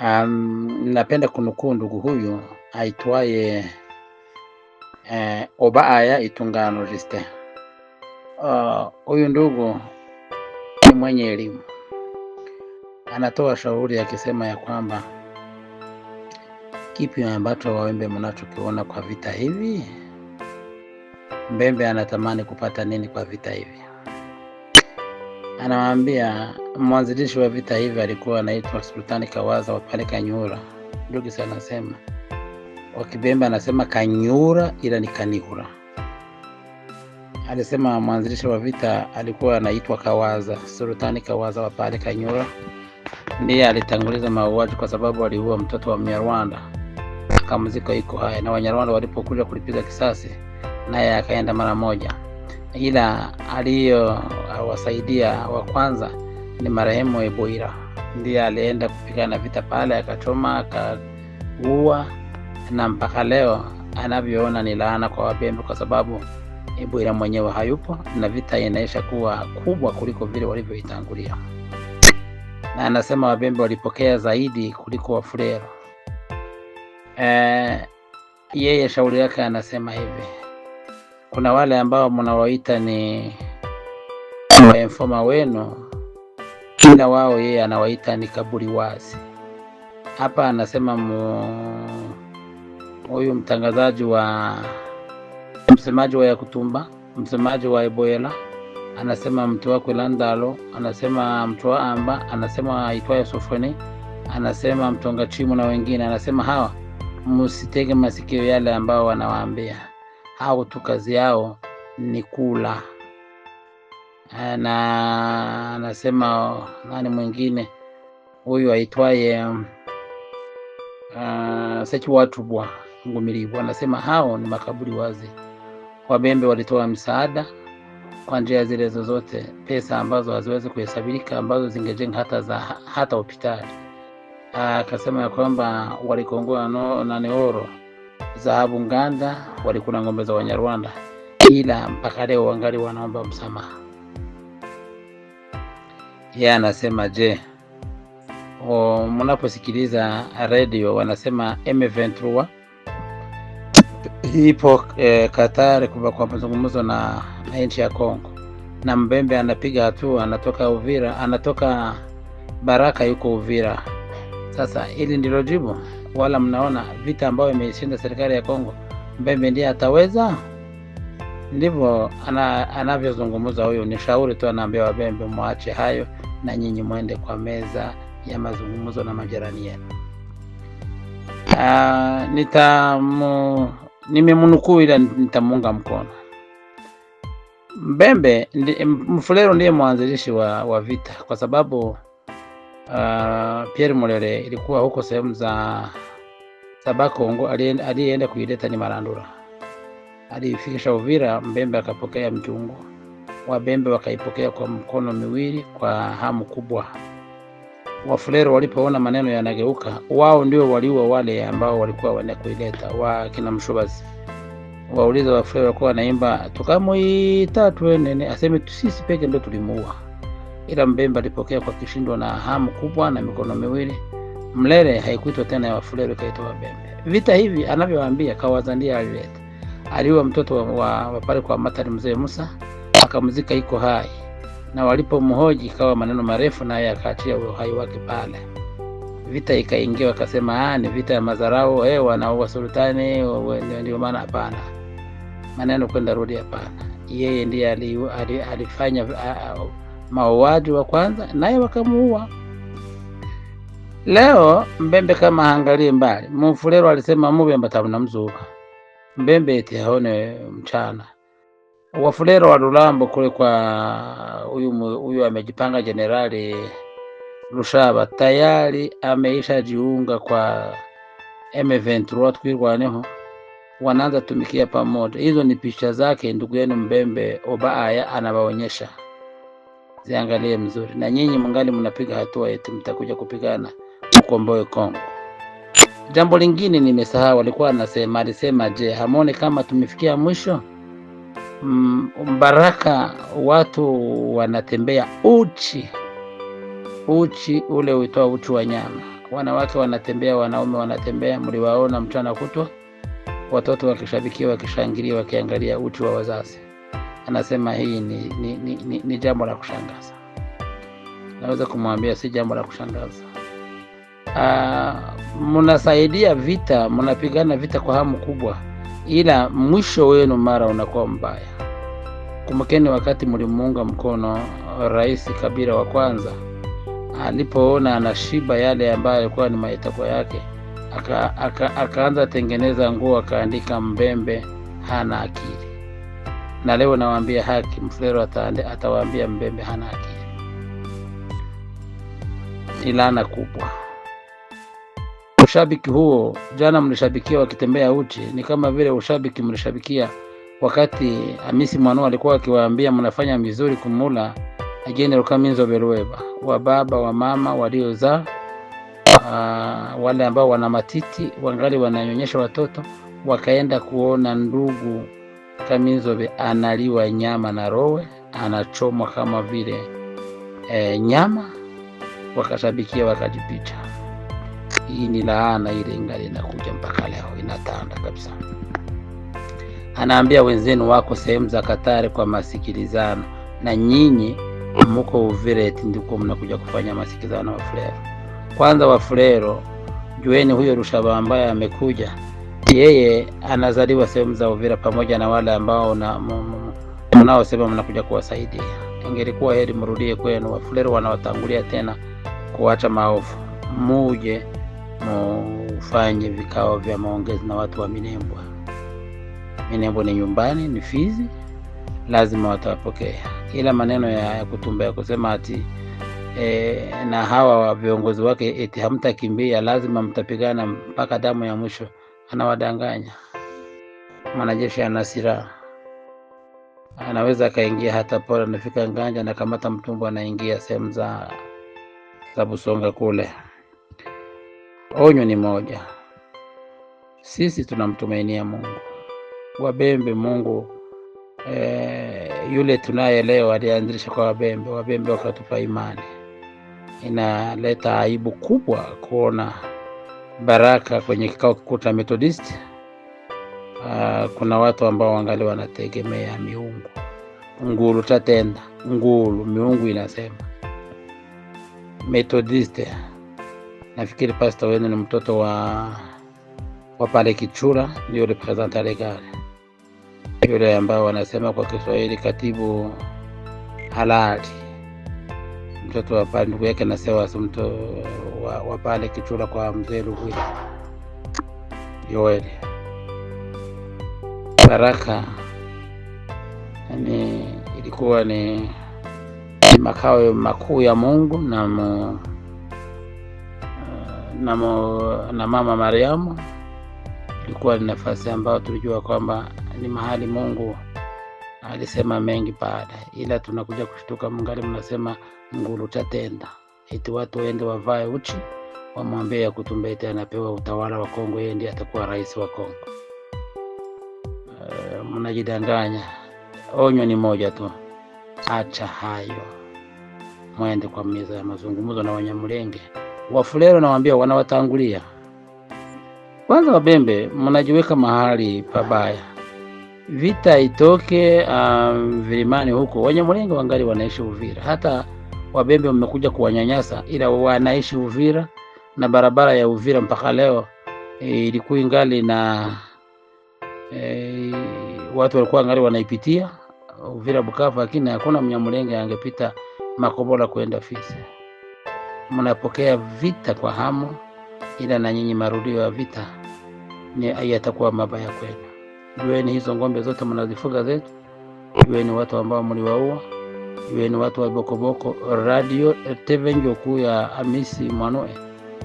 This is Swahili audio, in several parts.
Um, napenda kunukuu ndugu huyu aitwaye eh, Obaaya Itungano Justin. Uh, huyu uh, ndugu ni mwenye elimu, anatoa shauri akisema ya, ya kwamba kipi ambacho wawembe mnachokiona kwa vita hivi? Mbembe anatamani kupata nini kwa vita hivi? Anawaambia mwanzilishi wa vita hivi alikuwa anaitwa Sultani Kawaza wa pale Kanyura. Ndugu anasema Wakibemba anasema Kanyura ila ni kanihura Alisema mwanzilishi wa vita alikuwa anaitwa Kawaza, Sultani Kawaza wa pale Kanyura. Ndiye alitanguliza mauaji kwa sababu aliua mtoto wa Mnyarwanda akamzika iko haya, na Wanyarwanda walipokuja kulipiza kisasi, naye akaenda mara moja ila aliyowasaidia ah, wa kwanza ni marehemu Eboira, ndiye alienda kupigana vita pale, akachoma, akaua, na mpaka leo anavyoona ni laana kwa Wabembe, kwa sababu Eboira mwenyewe hayupo na vita inaisha kuwa kubwa kuliko vile walivyoitangulia, na anasema Wabembe walipokea zaidi kuliko wafurero E, eh, yeye shauri yake anasema hivi kuna wale ambao mnawaita ni mfoma wenu, kila wao yeye anawaita ni kaburi wazi. Hapa anasema huyu mtangazaji wa msemaji wa Yakutumba, msemaji wa Eboela anasema mtu wako Landalo, anasema mtu wa Amba, anasema aitwaye Sofoni, anasema mtonga chimu na wengine, anasema hawa msitege masikio yale ambao wanawaambia au tu kazi yao ni kula. Eh, na anasema nani mwingine huyu aitwaye uh, bwa Ngumilibwa anasema hao ni makaburi wazi. Wabembe walitoa msaada kwa njia zile zozote, pesa ambazo haziwezi kuhesabirika, ambazo zingejenga hata za hata hospitali. Ah, akasema uh, ya kwamba walikongoa na neoro Zahabu Nganda walikula ng'ombe za Wanyarwanda, ila mpaka leo wangali wanaomba msamaha. Yeye anasema je, mnaposikiliza redio wanasema M23 ipo eh, Qatar kwa mazungumzo na nchi ya Kongo, na Mbembe anapiga hatua, anatoka Uvira, anatoka Baraka yuko Uvira. Sasa hili ndilo jibu wala mnaona vita ambayo imeshinda serikali ya Kongo, Mbembe ndiye ataweza? Ndivyo ana, anavyozungumza huyu. Ni shauri tu anaambia Wabembe, mwache hayo na nyinyi mwende kwa meza ya mazungumzo na majirani yenu. Ah, nitamu, nimemnukuu ila nitamuunga mkono Mbembe. Mfulero ndiye mwanzilishi wa, wa vita kwa sababu uh, Pierre Murere ilikuwa huko sehemu za Sabakongo, aliyeenda kuileta ni Marandura. Alifikisha Uvira, Mbembe akapokea mchungu, Wabembe wakaipokea kwa mkono miwili kwa hamu kubwa. Wafulero walipoona maneno yanageuka, wao ndio waliua wale ambao walikuwa wanaenda kuileta, wakina Mshubazi wauliza Wafulero walikuwa wanaimba tukamuita twenene, aseme sisi peke ndio tulimuua ila Mbembe alipokea kwa kishindo na hamu kubwa na mikono miwili. Mlele haikuitwa tena ya Wafulero, ikaitwa Wabembe. Vita hivi anavyowaambia Kawazandia alileta, aliwa mtoto wa wa, Wapare kwa Matari mzee Musa akamzika iko hai, na walipo walipomhoji ikawa maneno marefu, naye akaatia uhai wake pale. Vita ikaingia, wakasema ah, ni vita ya madharau, eh, wanaua sultani. Ndio maana hapana, maneno kwenda rudi, hapana. Yeye ndiye alifanya ali, ali, ali, mauaji wa kwanza, naye wakamuua. Leo mbembe kama hangalie mbali, mufulero alisema mube mbatabu na mzuka mbembe eti haone mchana. Wafulero wa Rulambo kule kwa huyu huyu amejipanga Jenerali Rushaba tayari ameisha jiunga kwa M23 twirwaneho wanaanza tumikia pamoja. Hizo ni picha zake ndugu yenu Mbembe Obaaya anabaonyesha ziangalie mzuri, na nyinyi mngali mnapiga hatua, eti mtakuja kupigana mkomboe Kongo. Jambo lingine nimesahau, alikuwa anasema alisema, je, hamoni kama tumefikia mwisho? Mm, Mbaraka watu wanatembea uchi uchi, ule uitoa uchi wa nyama. Wanawake wanatembea, wanaume wanatembea, mliwaona mchana kutwa, watoto wakishabikia, wakishangilia, wakiangalia uchi wa wazazi anasema hii ni, ni, ni, ni, ni jambo la kushangaza. Naweza kumwambia si jambo la kushangaza. Uh, ah, mnasaidia vita, mnapigana vita kwa hamu kubwa, ila mwisho wenu mara unakuwa mbaya. Kumbukeni wakati mlimuunga mkono Rais Kabila wa kwanza alipoona anashiba yale ambayo alikuwa ni mahitakwa yake, akaanza aka, aka tengeneza nguo akaandika Mbembe hana akili na leo nawaambia haki, Mfulero atawaambia Mbembe hana akili Ni kubwa ushabiki huo. Jana mlishabikia wakitembea uchi, ni kama vile ushabiki mlishabikia wakati amisi Mwanua alikuwa akiwaambia mnafanya vizuri kumula ajene Lukamizo wa baba wa mama waliozaa Uh, wale ambao wana matiti wangali wananyonyesha watoto wakaenda kuona ndugu Kaminzobe analiwa nyama na rowe, anachomwa kama vile e, nyama, wakatabikia wakajipicha Hii ni laana ile ingali inakuja mpaka leo inatanda kabisa. Anaambia wenzenu wako sehemu za Katari kwa masikilizano, na nyinyi muko Uvireti ndiko mnakuja kufanya masikilizano. Wafulero kwanza, Wafulero jueni huyo rushaba ambaye amekuja yeye anazaliwa sehemu za Uvira pamoja na wale ambao mnaosema mnakuja kuwasaidia. Ingelikuwa heri mrudie kwenu, Wafulero wanawatangulia tena kuacha maovu, muje mufanye vikao vya maongezi na watu wa Minembwa. Minembwa ni nyumbani, ni Fizi, lazima watawapokea. Ila maneno ya kutumbea kusema ati e, na hawa viongozi wake eti hamtakimbia, lazima mtapigana mpaka damu ya mwisho anawadanganya. Mwanajeshi ana silaha, anaweza akaingia hata pole, anafika nganja, anakamata mtumbo, anaingia sehemu za za Busonga kule. Onyo ni moja, sisi tunamtumainia Mungu. Wabembe Mungu e, yule tunaye leo alianzisha kwa Wabembe. Wabembe wakatupa imani. Inaleta aibu kubwa kuona baraka kwenye kikao kikuu cha Methodist. Uh, kuna watu ambao wangali wanategemea miungu nguru tatenda nguru miungu inasema Methodist. Nafikiri pastor wenu ni mtoto wa wa pale Kichura, ndio representa legale yule ambao wanasema kwa Kiswahili katibu halali, mtoto wa pale ndugu yake nasewa mtoto wa, wa pale Kichula kwa mzee Lughwila Yoeli Baraka, yani ilikuwa ni makao makuu ya Mungu na mu, na, mu, na mama Mariamu ilikuwa ni nafasi ambayo tulijua kwamba ni mahali Mungu alisema mengi baada, ila tunakuja kushtuka mngali mnasema ngulu tatenda eti watu waende wavae uchi, wamwambie Yakutumbeite anapewa utawala wa Kongo, yeye ndiye atakuwa rais wa Kongo. Uh, mnajidanganya. Onyo ni moja tu, acha hayo, mwende kwa meza ya mazungumzo na Wanyamulenge. Wafulero nawaambia wanawatangulia kwanza. Wabembe, mnajiweka mahali pabaya vita itoke um, vilimani huko Wanyamulenge wangali wanaishi Uvira hata Wabembe wamekuja kuwanyanyasa, ila wanaishi Uvira na barabara ya Uvira mpaka leo eh, ilikuwa ingali na e, watu walikuwa ngali wanaipitia Uvira Bukavu, lakini hakuna mnyamulenge angepita Makobola kwenda Fizi. Mnapokea vita kwa hamu, ila na nyinyi marudio ya vita ni yatakuwa mabaya kwenu. Jueni hizo ng'ombe zote mnazifuga zetu, jueni watu ambao mliwaua iweni watu wa Bokoboko radio TV njoku ya Amisi Mwanue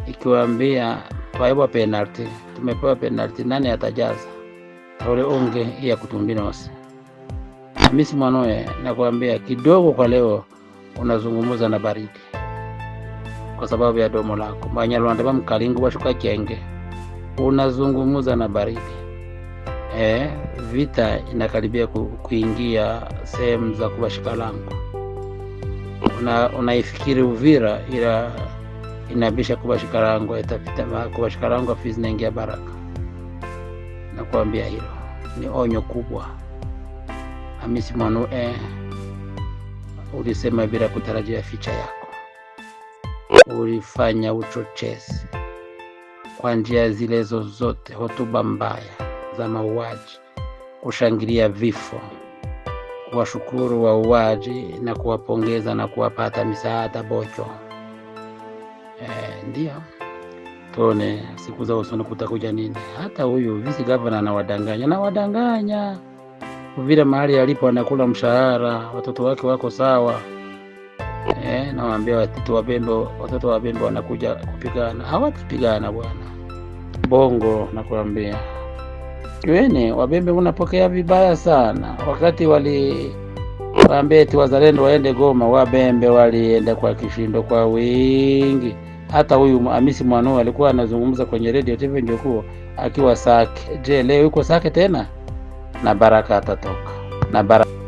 ikiwaambia twaewa penalty, tumepewa penalty, nani atajaza taule unge iya kutumbinosi. Amisi Mwanue nakuambia kidogo kwa leo unazungumuza na baridi kwa sababu ya domo lako. Banyarwanda bamkalingu bashuka chenge, unazungumuza na baridi eh, vita inakaribia ku, kuingia sehemu za kubashika lango. Una, unaifikiri Uvira ila inabisha kubashika lango, itapita kubashika lango, afu zinaingia Baraka. Nakuambia hilo ni onyo kubwa. amisi Mwanue ulisema bila kutarajia ficha yako, ulifanya uchochezi kwa njia zile zozote, hotuba mbaya za mauaji, kushangilia vifo, kuwashukuru wauaji na kuwapongeza na kuwapata misaada Bocho. Eh, ndio tuone siku za usoni kutakuja nini. Hata huyu visi gavana anawadanganya, nawadanganya vile mahali alipo anakula mshahara, watoto wake wako sawa. Eh, nawaambia watoto wa Bembo, watoto wa Bembo wanakuja kupigana, hawatapigana bwana Bongo, nakuambia. Kiweni Wabembe unapokea vibaya sana. Wakati wali waambie eti wazalendo waende Goma, Wabembe walienda kwa kishindo kwa wingi. Hata huyu Hamisi Mwanao alikuwa anazungumza kwenye radio TV ndio akiwa Sake. Je, leo yuko Sake tena? Na Baraka atatoka na Baraka